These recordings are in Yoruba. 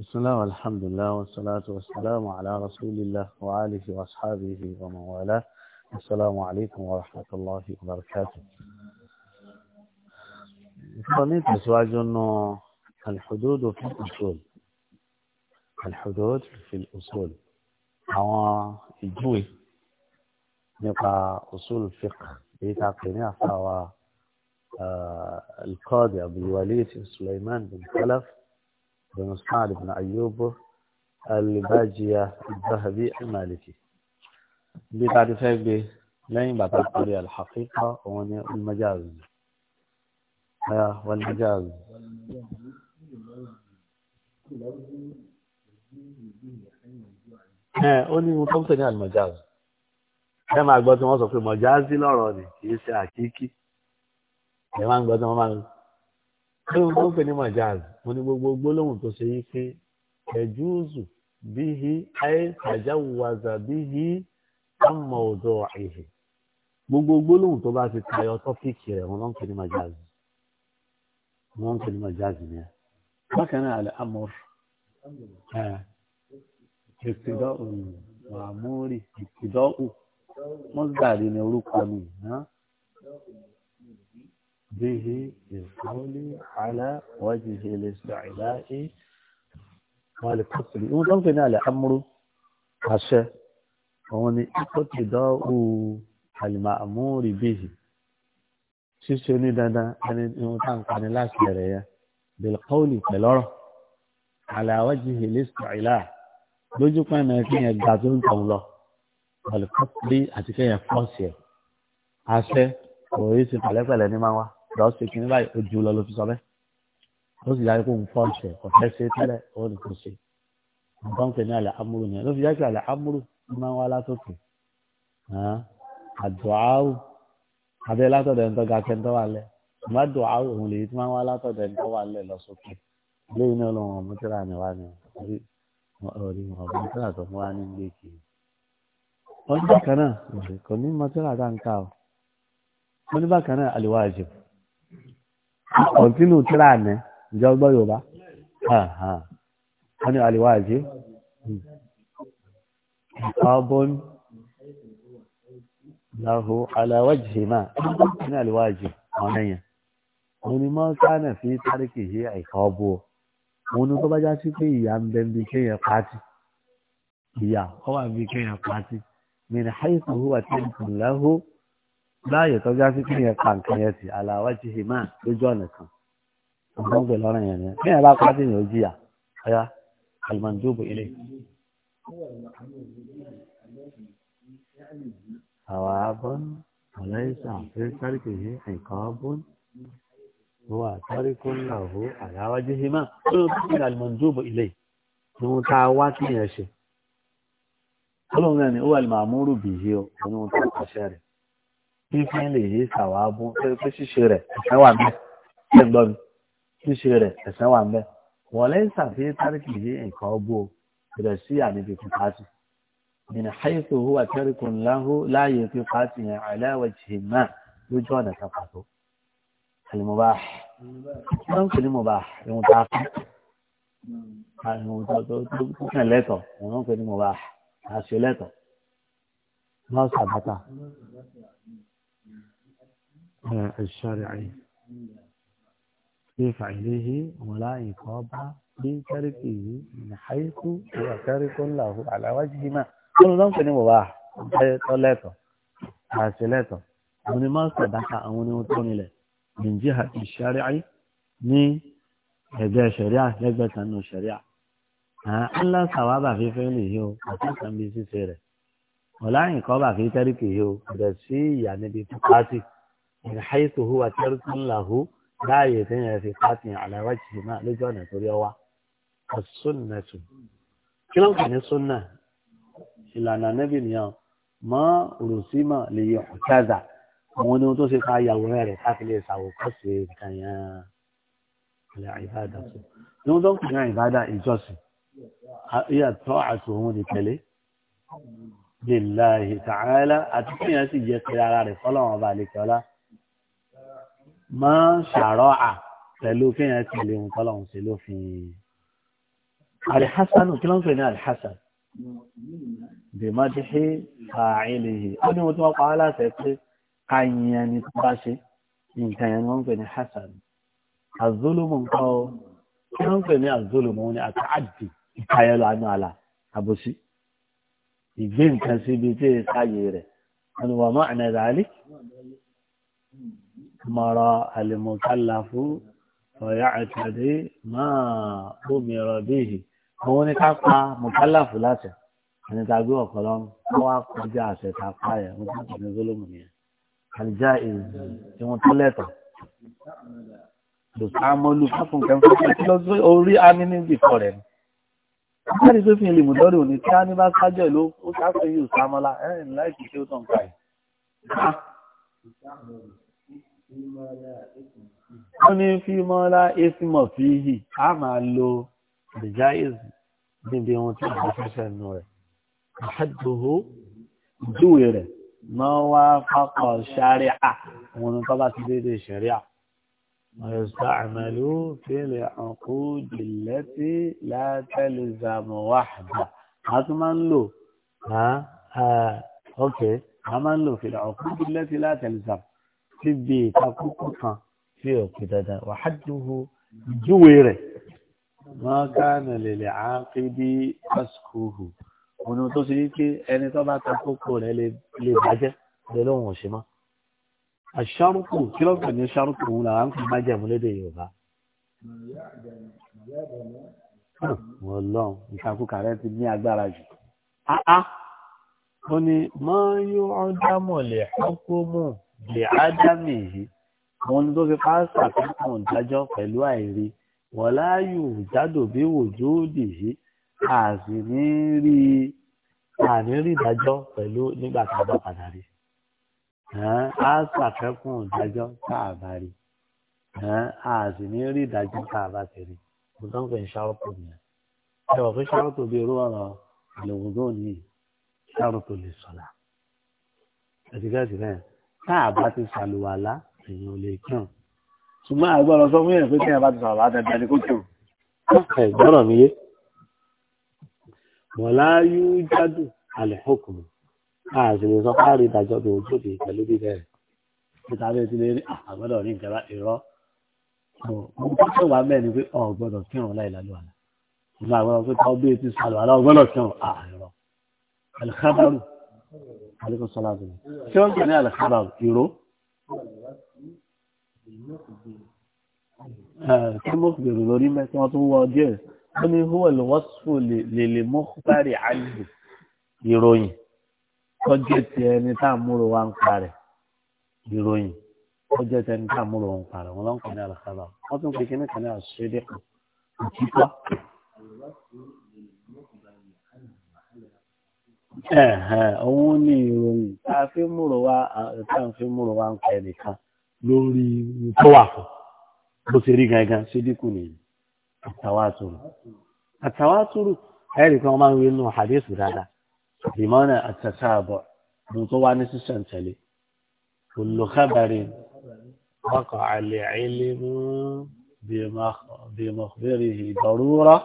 بسم الله والحمد لله والصلاة والسلام على رسول الله وآله وأصحابه ومن والاه السلام عليكم ورحمة الله وبركاته قنيت أزواج أنه الحدود في الأصول الحدود في الأصول هو الجوي نبقى أصول الفقه بيتعقيني أفعوى آه، القاضي أبو الوليد سليمان بن خلف بن سعد بن أيوب الباجية الذهبي المالكي بتعرف به لين بعد الحقيقة والمجاز والمجاز ó ní ohun tó ń pè ní àlùmọ̀jáàzù ẹ máa gbọ́ tí wọ́n sọ pé mọ̀jáàzì lọ́rọ̀ ni kì í ṣe àkíkí ẹ máa gbọ́ tí wọ́n máa lóhun tó ń pè ní majaz mo ní gbogbo gbólóhùn tó ṣe yí pé ẹjúùzù bíhi ayé tàjáwùwàzà bíhi àmọ ọdọ àìhè gbogbo gbólóhùn tó bá ti tayọ tọpíkì rẹ wọn ló ń pè ní majaz wọn ń pè ní majaz ni ẹ bákan náà àlẹ amọr ẹ ìtìdọ wàmúrì ìtìdọ mọsídàrí ni orúkọ mi. به القول على وجه الاستعلاء والكفر ولو كان على أمر عشاء wọ́n ni ìkọ́tìdọ́ àlìmàmúrì bíi ṣíṣe ní dandan ẹni ohun tá n pani láti rẹ̀ yẹn bilkọ́ọ̀lì pẹ̀lọ́rọ̀ aláwájú ìlẹ́sìtìlá lójú pẹ́ẹ́nà kéèyàn gbà tó ń tàn lọ pẹ̀lú kọ́tìlì àti kéèyàn fọ́ọ̀sì ẹ̀ àṣẹ òye ti pẹ̀lẹ́pẹ̀lẹ́ ní máa wá lọ́ọ́ ṣe kìnìún báyìí ojú lọ ló fi sọ bẹ́ẹ̀ ó sì yára kó ń fọ́ ṣe kò fẹ́ ṣe tẹ́lẹ̀ ó ní kò ṣe nǹkan ń pè ní àlẹ́ amúrú yẹn ló fi yá kí àlẹ́ amúrú máa ń wá látòkè àdùáwù abẹ́ látọ̀dọ̀ ẹni tó ga kẹ́ ń tọ́ wà lẹ̀ ìmọ̀ àdùáwù òun lèyí tí máa ń wá látọ̀dọ̀ ẹni tó wà lẹ̀ lọ sókè lẹ́yìn náà lọ́wọ́ ọmọ tíra ni wá ni orí ọmọ tíra tó mú wá ní ilé kìí wọ́n ní bákan náà kò ní mọ tíra dáńkà o wọ́n ní kọ̀ntínú tíra ní ìjọ gbọ́ yorùbá wọ́n ni àlèwáàjí ọbọ̀n lahu aláwájì máa ní àlèwáàjí àwọn èèyàn wọ́n ni mọ́ sáànà fi táríkì yí àìkà ọbọ̀ wọ́n ni tó bá já sí pé ìyà ń bẹ bí kéèyàn pàtì ìyà ọwà bí kéèyàn pàtì mìíràn haifu huwa tẹ́ǹtù lahu láàyè tó já sí kíyàn pa nǹkan yẹn sí aláwọ̀ ti hì lójú ọ̀nà kan ọ̀gbọ́n pẹ̀lú ọ̀rọ̀ yẹn nìyẹn kíyàn bá pàṣẹ yẹn ó jìyà ọ̀yá alimandubu ilé. àwọn abọ́n ọ̀lẹ́sà fẹ́ sáríkì yìí nǹkan abọ́n wọ́n àtọ́ríkó ńlá òhó ti hì lójú kíyàn alimandubu ilé ni wọ́n tá a wá kíyàn ṣe. ọlọ́run náà ni ó wà lè máa múrù bìí o òun tó kọ fífín lè yí sàwábù pé ṣíṣe rẹ̀ ẹ̀sẹ̀ wà mẹ́ ẹ̀ gbọ́ mi ṣíṣe rẹ̀ ẹ̀sẹ̀ wà mẹ́ wọ́n lẹ́yìn sàfihàn tárìkì yí nǹkan ọgbó rẹ̀ sí àníbi fífá sí nínú àyètò owó àtẹ́rìkù ńláhó láàyè fífá sí yẹn aláwọ̀ náà lójú ọ̀nà kan pàtó àlùmọ́bà wọ́n ń pè ní mọ̀bà ìwọ̀n tá a fún tó tó kàn lẹ́tọ̀ọ́ wọ́n ń pè ní àṣẹ lẹ́tọ̀ọ́ lọ́sàbàtà الشرعي في فعله ولا عقاب في تركه من حيث هو تارك له على وجه ما كل ذنب ni mubah tọ́lẹ́tọ̀ àṣìlẹ́tọ̀ àwọn ni máa sàdáka àwọn ni wọ́n tó nílẹ̀ min jihati shari'i ní ẹgbẹ́ ṣẹ̀ríà lẹ́gbẹ́ kan nù ṣẹ̀ríà ńlá sàwábà fífẹ́ lè yí o àtàkàn bí ṣíṣe rẹ̀ ọ̀la ìkọ́ bà fi tẹ́ríkì yìí o kò dẹ̀ sí ìyá níbi pípátì من حيث هو ترك له لا يتم في قاتل على وجه ما لجونا تريوا السنة كلام كان السنة إلا أن النبي نيا ما رسم ليحتذى ونو تو سي قايا وره تاكلي ساو كسي كان يا العبادة نو دونك كان عبادة إجوسي هي طاعة وهم تلي لله تعالى أتكلم يا سيدي على رسول الله عليه وسلم máa ń ṣàrọ́ à pẹ̀lú kéèyàn tẹ̀lé ohun tọ́lọ́hún sí lófin. alihasanu kí ló ń pè ní alihasan bèmọ́déhé fàáìlèhè ó ní ohun tí wọ́n pa á láṣẹ pé ká yin ẹni tó bá ṣe nǹkan yẹn ni wọ́n ń pè ní hasan azulumu nǹkan o kí ló ń pè ní azulumu ni àtàdì ìtayẹlò àánú àlà àbòsí ìgbé nǹkan síbi tí èyí sáyé rẹ̀ ẹnu wà má ànàdàálí. أمر المكلف ويعتدي ما أمر به òun ni ká pa mùkálàfù láṣẹ ẹni tá a gbé ọkọ lọ kó wá kọjá àṣẹ tá a pa yẹn wọn tó tẹ̀lé gbólóhùn nìyẹn àlìjá ìwọn tó lẹ́tọ̀ lòtá mọ́lú káfùn kẹfún kẹfún lọ sí orí amínibì kọ rẹ̀ ni láti tó fi lè mú dọ́rì òní tí a ní bá sájọ́ ìlú ó sáfẹ́ yìí ò sámọ́lá ẹ̀rìn láì kí ó tàn ká yìí wọ́n ní fi mọ́lá ismọ̀ fi hì á máa lo ìjáìz níbi ohun tí wọ́n fẹ́ sẹ́nu rẹ̀ àádùhó ìjúwe rẹ̀ máa wá pápọ̀ ṣàríà òun ni tọ́ba ti dédé ṣàríà ويستعملوا في العقود التي لا تلزم وحدة هذا ما نلو ها ها اوكي ما نلو في العقود التي لا تلزم níbi ìtakùkù kan tí ò pè dandan wàhádùúhù ìjúwe rẹ̀ wọ́n gánà lèlè á pé bí pásíkòhù òun tó ṣe wípé ẹni tó bá ta kókó rẹ̀ lè bàjẹ́ lè lóhùn òṣè mọ́. àṣàrùkù kí ló kàn ní ṣàrùkù òun làwọn kò má jẹ̀mú lédè yorùbá. wọ́n lọ ìtakùkà rẹ̀ ti ní agbára jù. ó ní mọ́ yóò ọ́n dámọ̀ lè ọkọ̀ mọ́ lè ádámì yìí wọn ni tó fi pásítà kankan dájọ́ pẹ̀lú àìrí wọlá yóò jádò bí wòjúùdì yìí a sì ní rí àní rí ìdájọ́ pẹ̀lú nígbà tá a bá padà rí a ṣàfẹ́kùn ìdájọ́ tá a bá rí a sì ní rí ìdájọ́ tá a bá ti rí mo tán pé ṣàròtò nìyẹn ẹ wọ̀ pé ṣàròtò bíi irú ọ̀rọ̀ ìlòwòdó ní ṣàròtò lè sọ̀la ẹ̀sìnkẹ́sì bẹ́ẹ̀ táà bá ti ṣàlùwàlá èèyàn lè kírun ṣùgbọ́n àgbọ̀rọ̀ sọ fún yẹn pé téèyàn bá ti ṣàlùwàlá tẹ̀lé ní kó kírun. ìgbọ́rọ̀ mi yé wọ̀lá yóò jádù alẹ́ òkùn a sì lè sọ fáàrí ìdájọ́ tó ń tóbi pẹ̀lú bíbẹ̀ rẹ̀ níta bẹ́ẹ̀ ti lè rí àgbọ̀dọ̀ ní ìjọba ìrọ́ mo tọ́jú wa bẹ́ẹ̀ ni pé ọ̀ gbọ́dọ̀ kírun láì lálùwàlá ìgbà عليكم الصلاة والسلام شو الجنة على خبر يرو كم مخبر لوري ما كانت هو جير من هو الوصف للمخبر عنه يروي kọjẹ ti ẹni tá à ń múlò wá ń parẹ ìròyìn kọjẹ ti ẹni tá à ń múlò wá ń parẹ wọn ló ń kàn ní àlàkàlà wọn tún pè kàn ní àṣírí òtítọ́ òun ni ìròyìn tá a fi múrò wá tá a fi múrò wá ń pa ẹnìkan lórí tó wà fún bó ṣe rí gangan ṣe dínkù nìyí àtàwátúrù àtàwátúrù ẹ̀rì kan máa ń wí nù hadithu dáadáa ìmọ̀nà àtàtàbọ̀ ohun tó wá ní sísàn tẹ̀lé kullu khabarin waqa'a al-'ilmu bi makhbarihi darura.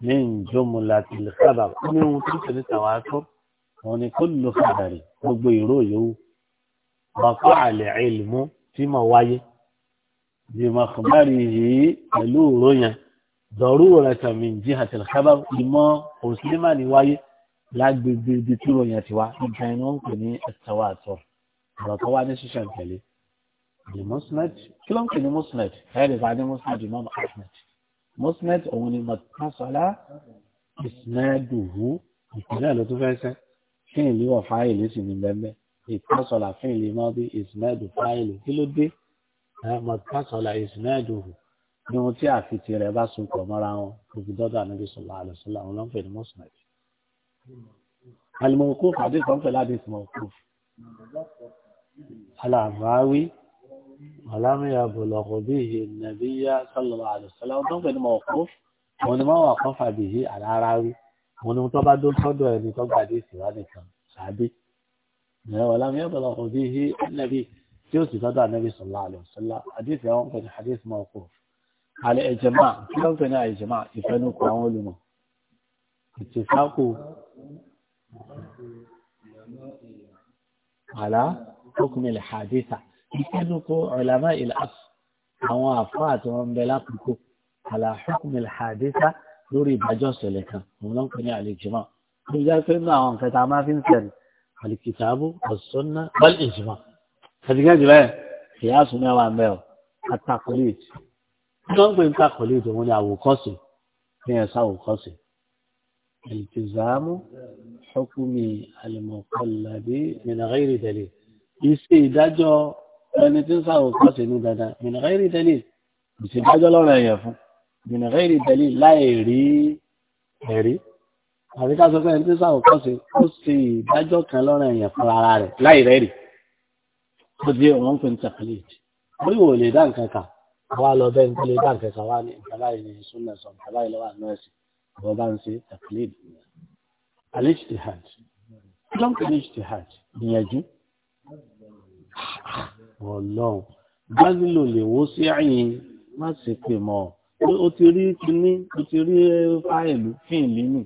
من جملة الخبر من وصلت للتواتر هون كل خبر وبيرو يو وقع العلم فيما واي بمخبره لو رؤيا ضرورة من جهة الخبر إما أسلم لواي لا بتلو يتوا كانوا كني التواتر رتوا نششان كلي المسند كلهم كني مسند هذا بعد مسند إمام أحمد musnet òun ni mọ̀tánṣọ́lá ìsìnàdùhù ìpínlẹ̀ ló tún fẹ́ sẹ́ fún ìlú wọ̀ fáìlì sì ní bẹ́ẹ̀ ìtánṣọ́lá fún ìlú mọ́ bí ìsìnàdù fáìlì kí ló dé mọ̀tánṣọ́lá ìsìnàdùhù ní ohun tí àfitì rẹ̀ bá so pọ̀ mọ́ra wọn òfin dọ́dọ̀ ànábi sọ̀lá àlùsọ̀lá òun ló ní musnet. alimọ̀kú kàdé kan pẹ̀lú àdéhùn ọ̀làmìyà bọ̀lọ̀kọ̀ bí i nàbíyà sọ́lọ́wọ́ àdùsọ́lá tó ń pè ní mọ̀ọ́kú wọn ni wọ́n wà kọ́ fàbí yìí àrárá rí wọn ni tó bá dó sọ́dọ̀ ẹni tó gbàdé ìsìnwá nìkan sàbí ọ̀làmìyà bọ̀lọ̀kọ̀ bí i nàbí tí ó sì sọ́dọ̀ ànábì sọ̀lá àdùsọ́lá àdìsí àwọn pè ní àdìsí mọ̀ọ́kú àlẹ́ ẹ̀jẹ̀má tí wọ́n pè ní hadisa ìfẹ́nukọ ọ̀làmá ìlàs àwọn àfọ́ àti wọn bẹ lákòókò àlàáfíkùnmí hadisa lórí ìbájọ́ ṣẹlẹ̀ kan òun ló ń pè ní àlejìmọ́ ó jẹ́ pé nínú àwọn nǹkan tá a máa fi ń sẹ̀rì àlìkìtàbù ọ̀sọ́nà bọ́ọ̀lì ìjìmọ́ kàdíkàdì bẹ́ẹ̀ ìyá sùn mẹ́wàá mẹ́ ọ àtàkùlẹ̀t kí wọ́n ń pè ní tàkùlẹ̀t òun ni àwòkọ́sì ní ẹ̀sà àwòkọ́sì ìtìzámù hukumi al ẹni tí ń sàwọn kan ṣe ní dandan mìnàkà ìrì tẹ́lẹ̀ ìṣèdájọ́ lọ́rọ̀ ẹ̀yẹ̀ fún mìnàkà ìrì tẹ́lẹ̀ láì rí ẹ̀rí àbí ká sọ pé ẹni tí ń sàwọn kan ṣe ó ṣe ìdájọ́ kan lọ́rọ̀ ẹ̀yẹ̀ fún ara rẹ̀ láì rẹ́rì ó di wọn fún tẹ̀lẹ̀ orí wo lè dá nǹkan kà wá lọ bẹ́ẹ̀ nítorí dá nǹkan kà wá ní nǹkan báyìí ní súnmọ̀ sọ nǹkan báyìí lọ́wọ́ àná ẹ̀sìn wọ́n bá ń ṣe tẹ̀lẹ̀ alẹ́ṣitihad pọ̀ lọ́hùn gbázìlò lè wó sí àyìn má sì pè mọ́ pé o ti rí kinní o ti rí eh, fáìlì fíìlì nì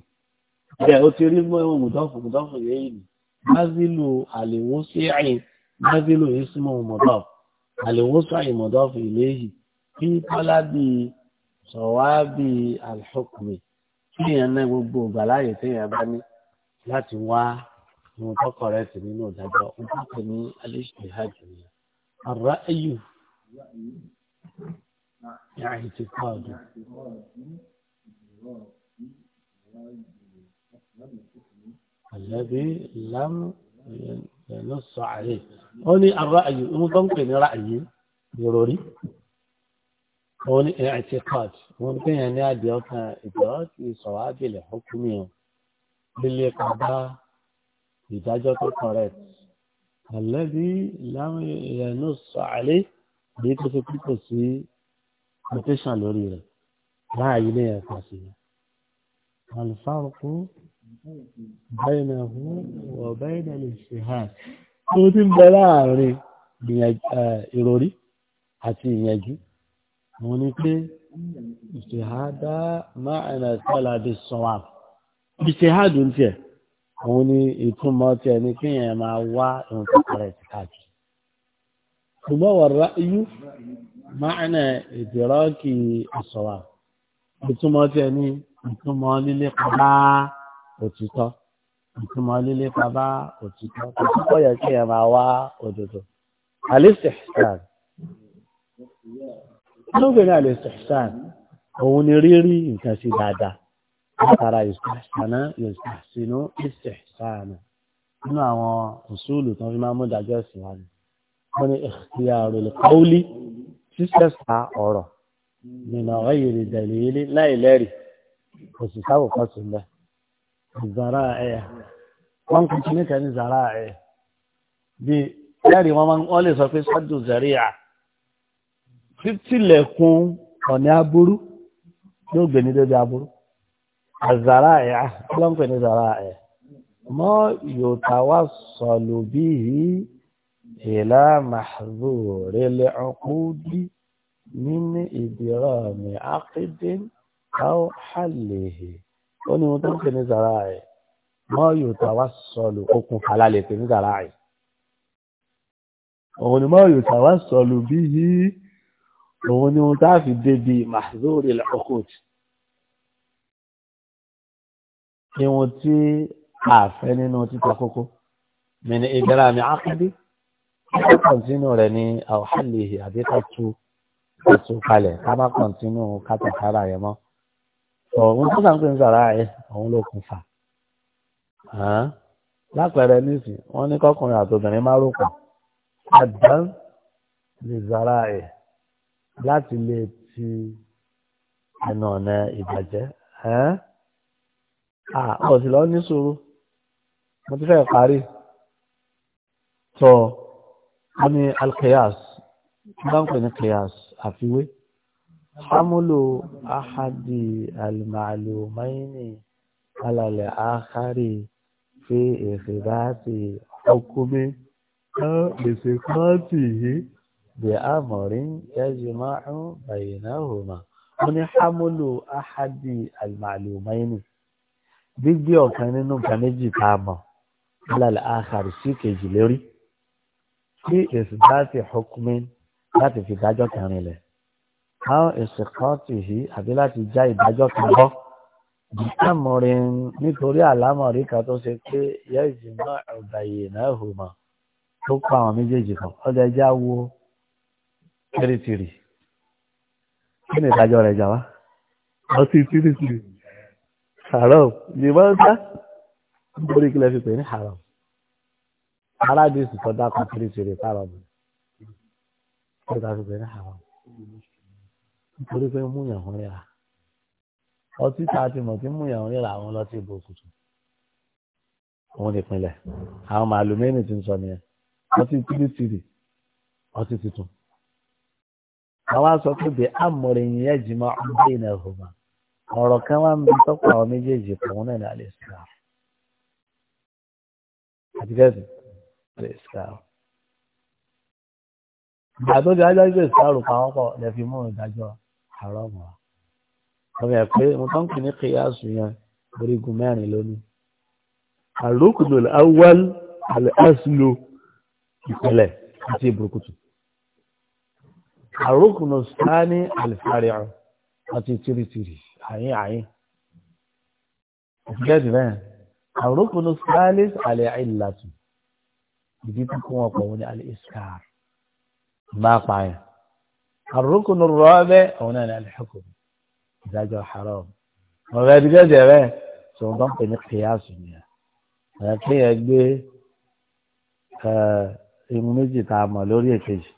bẹ́ẹ̀ o ti rí mọ̀dọ́fù mọ̀dọ́fù yẹ́yì nì gbázìlò àlèwó sí àyìn gbázìlò yìí sí mọ̀ mọ̀dọ́fù àlèwó sí àyìn mọ̀dọ́fù ìléyìí kí tọ́lá bíi sọ̀wáàbí alḥukmi kí èèyàn náà gbogbo ìgbàláyè téèyàn bá ní láti wá ohun tó kọ̀rẹ́tì nínú ìdájọ́ ohun tó kọ̀ ní alíṣèhájú nìyẹn. الرأي اعتقاد الذي لم ينص عليه هوني الرأي ممكن رأي ضروري هوني اعتقاد ممكن يعني أدي إدراك صواب الحكم بالقضاء ìdájọ́ tó correct àlẹ́bí láwọn ìrẹ̀nù sàálẹ̀ èyí tó fi púpọ̀ sí mutation lórí rẹ̀ láàyè ní ẹ̀ka sí i. àlùfáàkù bẹ́ẹ̀ náà hù wọ̀ bẹ́ẹ̀ náà lè ṣe hàn. tó ti ń bẹ láàrin ìròrí àti ìyẹ̀jú òun ni pé ìṣèhádá máa ń ṣàlàyé sọ̀wà ìṣèhádùn tiẹ̀ òun ni ìtumọ̀ tí ẹni kí yẹn máa wá nǹkan rẹ̀ káàkiri. ṣùgbọ́n wọ̀rọ̀ iyú máa ń ìdìrọ́kì ìṣọ̀wà ìtumọ̀ tí ẹni ìtumọ̀ líle pàbá òtítọ́ ìtumọ̀ líle pàbá òtítọ́ òtítọ́ yẹ kí yẹn máa wá òdodo. alistihsan lóbìnrin alistihsan òun ni rírí nǹkan sí dáadáa látara ìsàsánà ìsàsínú ìsẹ̀sánà nínú àwọn òṣùlù tó fi máa mú dájọ́ sí wa ni wọ́n ní ìyàrá ìkọ́wúlí sísẹ̀sà ọ̀rọ̀ nínú ọ̀yẹ̀ ìdẹ̀lẹ̀ ilé láì lẹ́rìí kò sì sáwò kan sí lẹ̀ zara ẹ̀yà wọ́n kún kíní kan ní zara ẹ̀yà aburú yóò gbé ní dédé aburú àzàráà ah, lọ́npẹ̀ ní zàráà mọ́ yòtàwà sọ̀lù bí i ìlà màzù rẹ̀lẹ̀ ọkùdí nínú ìdìrọ̀ mi ákídín káwọ́ hàlèhè ó ní wọ́n tó ń pè ní zàráà mọ́ yòtàwà sọ̀lù okùn falálẹ̀ pè ní zàráà òun ni mọ́ yòtàwà sọ̀lù bí i òun ni wọ́n tá fi débi màzù rẹ̀lẹ̀ ọkùdí ihun tí a fẹ́ nínú títa kókó mẹ́ni ìbẹ̀rẹ̀ àmì ákàdé ká kọ̀ntínú rẹ̀ ní àwòhálìhì àbí ká tu ká tu kalẹ̀ ká má kọ̀ntínú kátàkárà rẹ̀ mọ́ ọ̀hún tó sàn pé ń sàrà ẹ̀ ọ̀hún ló kún fà lápẹẹrẹ nísì wọn ní kọkùnrin àtòbìnrin má rògbò àdán lè zara ẹ̀ láti lè ti ẹnu ọ̀nà ìbàjẹ́ ẹ́ ọ̀sìn lọ ní sùúrù mo ti fẹ́ parí tọ́ wọ́n ní alkiyas bá ń pè ní kiyas àfiwé hamulu ahadi almalumaini alalẹ̀ akari fi ìfìdáàtì ọkùnmi kan pèsè kọ́ọ̀tì yìí bí amọ̀rin yajma'u baynahuma wọ́n ní hamulu ahadi almalumaini gbígbé ọ̀kan nínú nǹkan méjì tá a mọ̀ alàlẹ́ àkàrí sí kejì lérí kí èsì bá ti hukumi láti fi dájọ́ kan rinlẹ̀ àwọn èsì kan ti hì àbí láti já ìdájọ́ kan bọ́ àmọ̀rin nítorí àlámọ̀rí kan tó ṣe pé yẹ́ ìjìnà ọ̀bàyè náà hù mọ́ tó pa àwọn méjèèjì kan ọjà ẹja wo tìrìtìrì kí ni ìdájọ́ rẹ̀ jà wá ọtí tìrìtìrì haram ní máa ń sá nítorí kí lè fi pè ní haram aládìsí tó dá kan kiri ṣeré haram tó dá fi pè ní haram nítorí pé mú yàn wọn rírà ọtí tá a ti mọ̀ tí mú yàn wọn rírà àwọn ọlọ́tí ìbò kùtù òun nìpínlẹ̀ àwọn màlúmẹ́nì ti ń sọ nìyẹn ọtí tírísìrì ọtí tuntun àwọn aṣọ pé bẹ́ẹ̀ amọ̀rẹ̀ yẹn jìmọ̀ ọdún ìnáwó ọ̀rọ̀ kan wá ń bí tọ́pọ̀ àwọn méjèèjì pọ̀ wọn náà ní alẹ́ sùkà àti kẹ́sì alẹ́ sùkà ìgbà tó di adájọ́ ìsìkà rò pa ọkọ̀ lè fi mú ìdájọ́ àárọ̀ mọ́ ọmọ ẹ̀ pé mo tán kì ní kíyàsù yẹn orígun mẹ́rin lónìí àrókùnlò awal alẹ́sùlò ìpẹ̀lẹ̀ àti ìbùrùkùtù àrókùnlò sáà ní àti tìrìtìrì àyín àyín gẹ́gẹ́ bẹ́ẹ̀ àrókùnú salis alẹ́ àìlàtù ìdí tó kún ọ̀pọ̀ wọn ni alẹ́ iskar bá pààyàn àrókùnú rọ́ọ̀bẹ́ òun náà ni alẹ́ hukum ìdájọ́ haram ọ̀rẹ́ ẹ̀dí gẹ́gẹ́ bẹ́ẹ̀ sọ̀rọ̀ tó ń pè ní kíyàsù ni ẹ̀ kéèyàn gbé irun méjì tá a mọ̀ lórí èkejì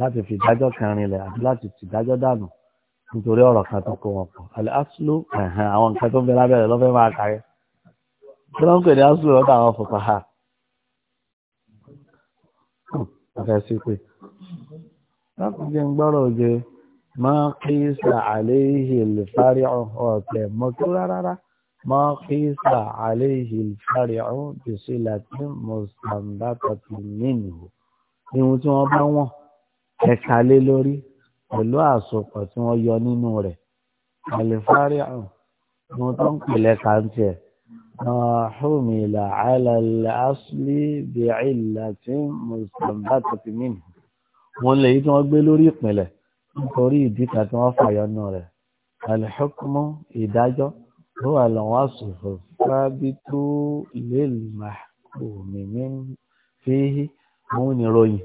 láti fi ìdájọ́ kan rinlẹ̀ àti láti tìdájọ́ dànù nítorí ọ̀rọ̀ kan tó kó wọn pọ̀ àlẹ́ asúlù àwọn nǹkan tó ń bẹ lábẹ́rẹ́ lọ́fẹ́ máa kàrí kí ló ń pè ní asúlù lọ́dọ̀ àwọn fòkà ha ọ̀fẹ́ sí pé láti jẹ́ ń gbọ́rọ̀ oje máa kí sà àléhì lìfárí ọ̀tẹ̀ mọ́tò rárá máa kí sà àléhì lìfárí ọ̀hún bìsí latin mustamba tọ̀tù nínú ihun tí wọ́n bá wọ̀n ẹ̀ka lé lórí pẹ̀lú àsopọ̀ tí wọ́n yọ nínú rẹ̀ àlìfárí àrùn ni wọ́n tó ń pèlẹ̀ kàńtì ẹ̀ ọ̀húnmìlà alàlásílì bìílà tí mùsùlùmí mímì wọn lè yí tí wọ́n gbé lórí ìpìlẹ̀ nítorí ìdí kan tí wọ́n fàyọ nù rẹ̀ àlìhùkùmù ìdájọ́ ló wà lọ́wọ́ àsòfò fábítú lèlùmá òmìnir fíhí òun nìròyìn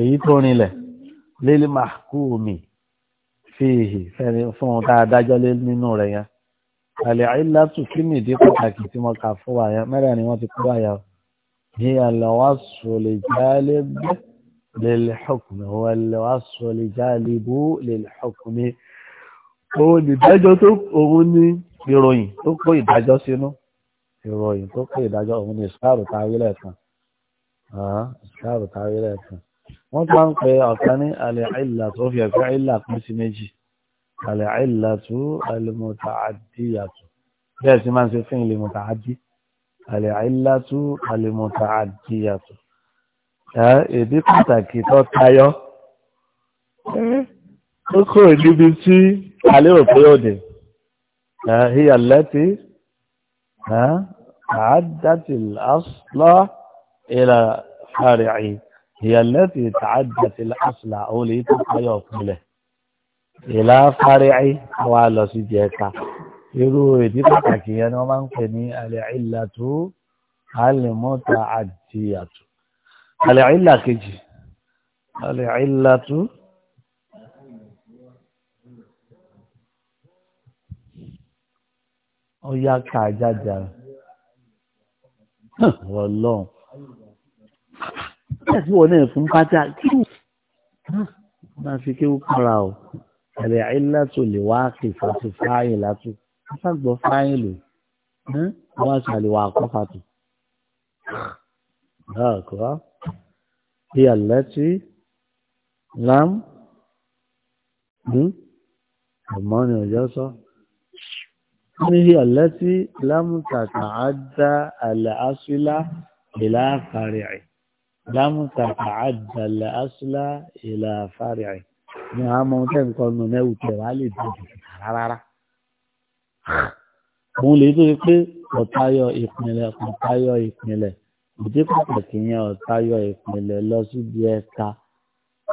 èyí tó rinlẹ̀ lílí màkúùmí fíìhì fẹ́ni fún un tá a dájọ́ lé nínú rẹ̀ yẹn àlẹ́ àìlátù kí ni ìdí pàtàkì tí mo kà fún wa yẹn mẹ́rin ni wọ́n ti kúrò àyà ní àlọ́wàsó lè jálé bẹ́ lèlè xukumi wọ́n àlọ́wàsó lè jálé bú lèlè xukumi òun ìdájọ́ tó òun ní ìròyìn tó kó ìdájọ́ sínú ìròyìn tó kó ìdájọ́ òun ní ìsáàrù táwílẹ̀ kan wọ́n bá ń pè ọ̀kan ní àlẹ́àìlà tó fi ẹ̀fẹ́ àìlà pín sí méjì àlẹ́àìlà tó àlẹ́mọ̀tàádìyàtọ̀ bẹ́ẹ̀ sí máa ń ṣe fún ìlẹ̀mọ̀tàádì àlẹ́àìlà tó àlẹ́mọ̀tàádìyàtọ̀ èdè pàtàkì tó tayọ ó kò níbi tí alẹ́ òpé òde hiya allati àádátìlásílọ́ ìlà fàrẹ̀ هي التي تعدت الأصل أو لتقيض له إلى فرع وعلى سجيكا irú èdè pàtàkì yẹn ni wọ́n máa ń pè ní àlẹ́ìlà tó àlẹ́mọ́ta àdìyàtò àlẹ́ìlà kejì àlẹ́ìlà tó ó yá ká jáde rẹ̀ wọ́n lọ́hùn pátá tí wọ́n náà fún pátá kíw máa fi kíw kọ́ra o ẹ̀rẹ̀ àìlátò lè wá kì fàtì fáyìn látò afágbọ́ fáyìn lò wọ́n ṣàlẹ̀ wà kọ́ fàtì. Dáàkọ́ bí àlẹ́tí lám ọmọ ni ọjọ́ sọ. Níhi àlẹ́tí lámùtàkà á dá àlẹ́ àṣílá ìlà kárìí. لم تتعدل أصلا إلى فرع ما ممكن قلنا نو توالي rárá òun lè tó yẹ pé ọ̀tayọ̀ ìpínlẹ̀ ọ̀tayọ̀ ìpínlẹ̀ ìdí pàtàkì yẹn ọ̀tayọ̀ ìpínlẹ̀ lọ síbi ẹ̀ka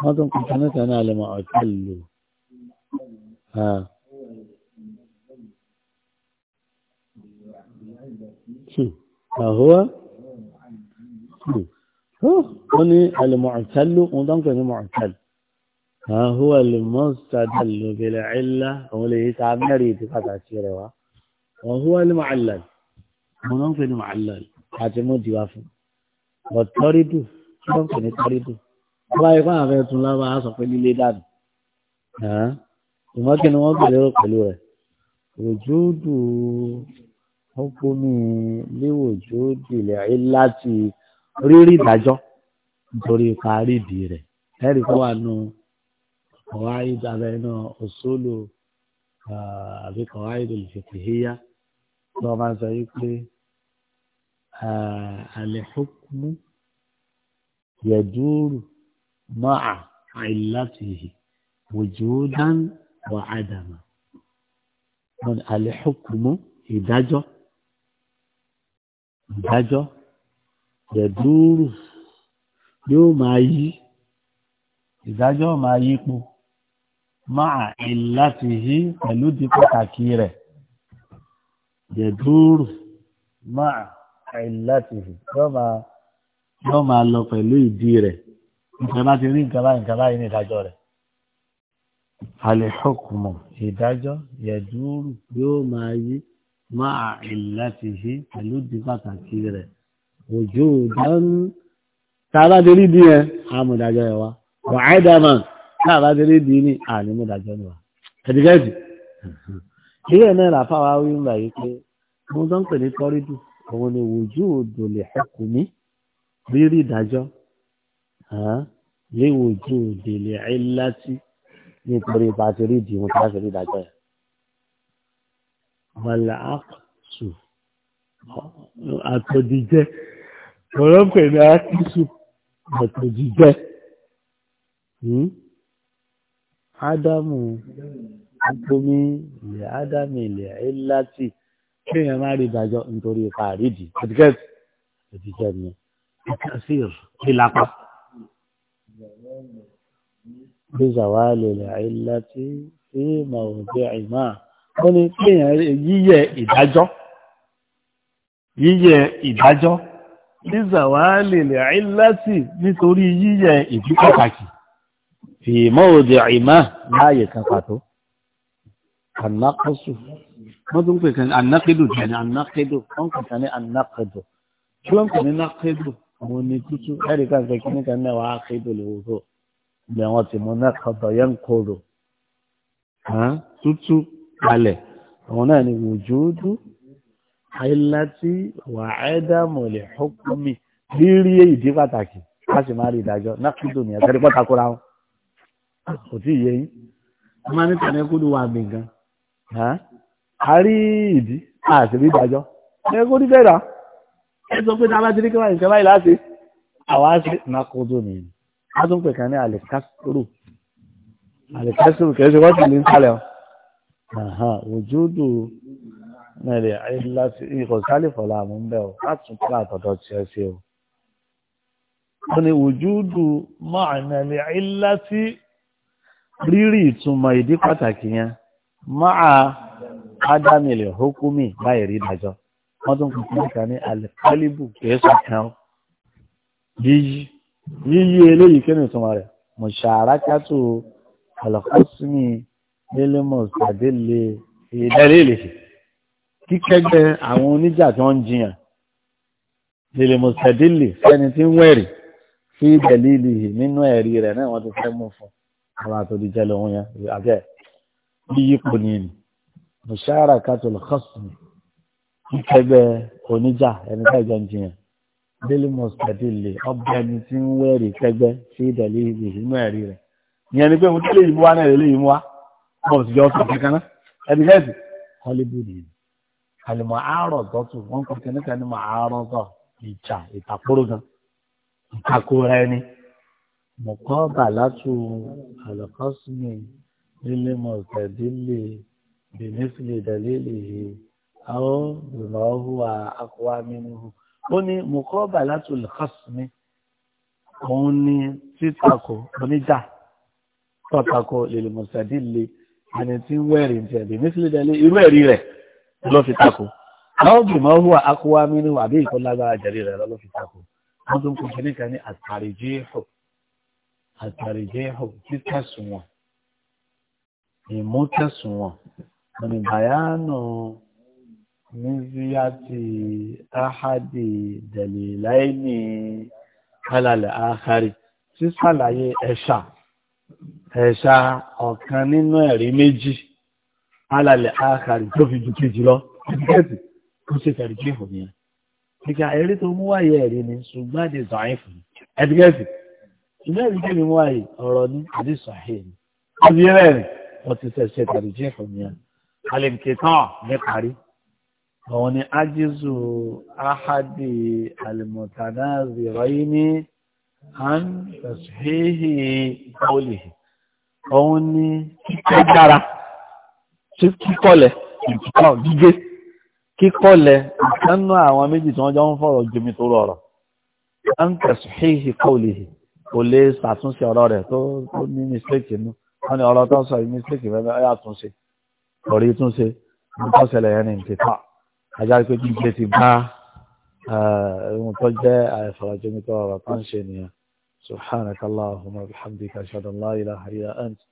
wọ́n tún kọ́ta níta ní alẹ́ mọ́ ọ̀tá lò ṣù àhóhá ṣù wọ́n ní alìmọ̀ọ̀tẹ́lú ohun tó ń pè ní mọ̀ọ̀tẹ́lú هو المستدل بالعلة وليه تعمري تقطع سيروا وهو المعلل منافق المعلل حاتمو جواف والطريد منافق الطريد لا يكون هذا تلا ما سوف ليدان ها وما كان هو غير قلوه وجود حكم لوجود العلة rírí ìdájọ́ nítorí ipa rídì rẹ̀ ẹ̀rí kó wà nù ọ̀wá ìdàbẹ̀ náà òṣòlò àbí kọ̀wá ìdòlùfẹ̀kìhíyá tí wọ́n máa ń sọ yí pé àlẹ́fọ́kùnmú yẹ̀dúrù máa àìlátìhì wòjúdán wà ádàmà àlẹ́fọ́kùnmú ìdájọ́ ìdájọ́ yẹ̀dúrù yóò máa yí ìdájọ́ máa yípo máa ìláti yí pẹ̀lú di pàtàkì rẹ̀ yẹ̀dúrù máa ìláti yí yóò máa lọ pẹ̀lú ìdí rẹ̀ nǹkan bá ti rí nǹkan báyìí nǹkan báyìí ní ìdájọ́ rẹ̀ alẹ́họ́kùmọ̀ ìdájọ́ yẹ̀dúrù yóò máa yí máa ìláti yí pẹ̀lú di pàtàkì rẹ̀ ojú dán tàbá dérí dí ẹ àmúdájọ́ ẹ wa wàáìdàmà tàbá dérí dí ní ànímúdájọ́ ni wa ẹ̀dìgẹ́sì ilé ẹ̀ náà làfáwá wí ń bàyí pé mo tán pè ní tọ́rídù òun ni ojú òdò lè ẹkù mí rírí ìdájọ́ léwu ojú òdè lè ẹ́ láti nítorí ipa ti rí ìdí wọn láti rí ìdájọ́ yẹn. Wàlá àkùsù àtòdìjẹ́ ọ̀rọ̀ ń pè ní akíṣù ọ̀tọ̀ jíjẹ́ ádámù nítorí ilẹ̀ ádámù ilẹ̀ ẹ̀láti kéèyàn má rí ìdájọ́ nítorí ipa àrídì ẹ̀dígẹ́tì ẹ̀dígẹ́tì ni kásìr ìlápá. Bísàwálè ilẹ̀ ẹ̀láti sí màwùjẹ́ àìmá. Wọ́n ní kéèyàn yíyẹ ìdájọ́ yíyẹ ìdájọ́ ní zawali lè àìláti nítorí yíyẹ ìdí pàtàkì fi mọ́òdì àìmá láàyè kan pàtó annákọ́sù wọ́n tún pè kan annákédù tẹ̀lé annákédù wọ́n kò tẹ̀lé annákédù tí wọ́n kò ní àwọn ní tútù ẹ̀rí kan fẹ́ kí nìkan náà wàá kédù lè wúso ìgbà wọn ti mú nákọ́dọ̀ yẹn kóró tútù kalẹ̀ àwọn náà ni wùjú àìláti wà ẹ́dàmọ̀lẹ̀ ọkùnmi rírí ìdí pàtàkì a sì máa rí ìdájọ́ nákìdò ní ẹ̀sẹ̀ rípọ́ta kóra wọn kò tí ì yé yín a máa ní tànẹ́kùdù wà mí gan a rí ìdí a sì rí ìdájọ́ ẹ̀kọ́ ní bẹ́ẹ̀ rà ẹ sọ pé tábà ti rí kíwáyé ìṣẹ́ báyìí láti àwa ṣe nákìdò ní a tún pè kàn ní àlẹ́kásírò àlẹ́kásírò kẹ́sì wọ́n ti lè ń sálẹ̀ ọ̀ ojú mẹ́rin ayélujáfẹ́ ikọ̀ sálífọ̀ làmú ń bẹ̀ ọ́ láti tún àtọ̀dọ̀ tí ẹ ṣe o. wọ́n ní wùjúdù mọ́àmẹ́lẹ̀ ayélujáfẹ́ rírì ìtumọ̀ ìdí pàtàkì yẹn máa ádámìlẹ̀ hókúmì láì rí ìdájọ́ wọ́n tún kún fún ìkànnì alẹ́kọ́líbù kẹsàn kan yíyí yíyí eléyìí kí ni ìtumọ̀ rẹ̀ mùsàrákàtù alẹ́kọ́sìmì lélẹ́mọ̀ọ́sì àdélé ìdálélè kíkẹ́gbẹ́ àwọn oníjà tí wọ́n ń jiyàn lèlè mùsàdílì fẹ́ni tí ń wẹ̀rì sí ìdẹ̀lìlì nínú ẹ̀rí rẹ̀ náà wọ́n ti fẹ́ mú fún àwọn àtòdìjẹ́ lòun yẹn àbẹ́ yíyípo ni ni mùsàárà kátó lọ́kọ̀sùn kíkẹ́gbẹ́ oníjà ẹni tí àjọ ń jiyàn lèlè mùsàdílì ọbẹ̀ ẹni tí ń wẹ̀rì kẹ́gbẹ́ sí ìdẹ̀lìlì nínú ẹ̀rí rẹ̀ ìyẹn ni pé mo tẹ́lẹ̀ yìí mú wa náà lè lè yìí mú wa mọ̀ sí jọ́ sọ̀tẹ̀ àlùmọ̀ àárọ̀ tọ́tù wọ́n kọ́ kí níkan ní mọ̀ àárọ̀ tọ̀ ìjà ìtàkùrọ̀ gan ìtàkùrọ̀ ẹni. mọ̀kọ́ bàlátù àlọ́kọ́sùnì lílé mọ̀tẹ́dílé bìnífìlì dàlílì yìí àwọn bìmọ̀ọ́hùwà akọ̀wá mímú. ó ní mọ̀kọ́ bàlátù àlọ́kọ́sùnì òun ní títàkù oníjà tọ́tàkù lílé mọ̀tẹ́dílé ẹni tí ń wẹ̀rì tẹ̀ bìnífìlì dàlílì irú ẹ̀rí rẹ̀ ló fi tako àwọn gbìmọ̀ hùwà akọwà mínú àbí ìkọ́ lágbára jẹ̀rí rẹ̀ ló fi tako wọ́n tún kún kíníkà ní àtàríjẹ́hù àtàríjẹ́hù títẹ̀sùnwọ̀n ìmútẹ̀sùnwọ̀n ọ̀nì bàyánù nízíyàtì áhádì dẹ̀lìláìní kálálẹ̀ áhárì sísàlàyé ẹ̀ṣà ẹ̀ṣà ọ̀kan nínú ẹ̀rí méjì alàlẹ̀ àkàrí tó fi ju kejì lọ ẹ̀dẹ́gbẹ̀tì tó ṣe fẹ̀rí kí fún yẹn. kíkà ẹ̀rí tó mú wáyé ẹ̀rí ni ṣùgbọ́n àdé sàáyé fún ẹ̀dẹ́gbẹ̀tì ṣùgbọ́n ẹ̀rí kí ni mú wáyé ọ̀rọ̀ ní àdé sàáyé ni. ọdún yẹn rẹ̀ wọ́n ti ṣẹ̀ṣẹ̀ fẹ̀rí kí fún yẹn. alẹ́mìkẹ́ tán ní parí. àwọn ni ajizu ahadi alimọ̀tàdáàzì rọ́yìn ní an tẹ̀síhìhì kọ́ọ̀lì. òun ni kíkẹ́ dára kíkọ́lẹ̀ gígé kíkọ́lẹ̀ ìkánú àwọn méjì tí wọ́n jọ ń fọ̀rọ̀ jomi tó rọrọ̀ à ń tẹ̀sù híhì kọ́ọ̀lì kò lè ṣàtúnṣe ọ̀rọ̀ rẹ̀ tó ní mistake nù wọ́n ní ọ̀rọ̀ tó ń sọ yìí mistake fẹ́ẹ́ ọ̀yà túnṣe ọ̀rí túnṣe nǹkan ṣẹlẹ̀ yẹn ní ìtìtà ajá pé gígé ti bá ohun tó jẹ́ àìfọ̀rọ̀ jomi tó rọrọ̀ tó ń ṣe nìyẹn subhanakallahumma bihamdika ashhadu an ilaha illa anta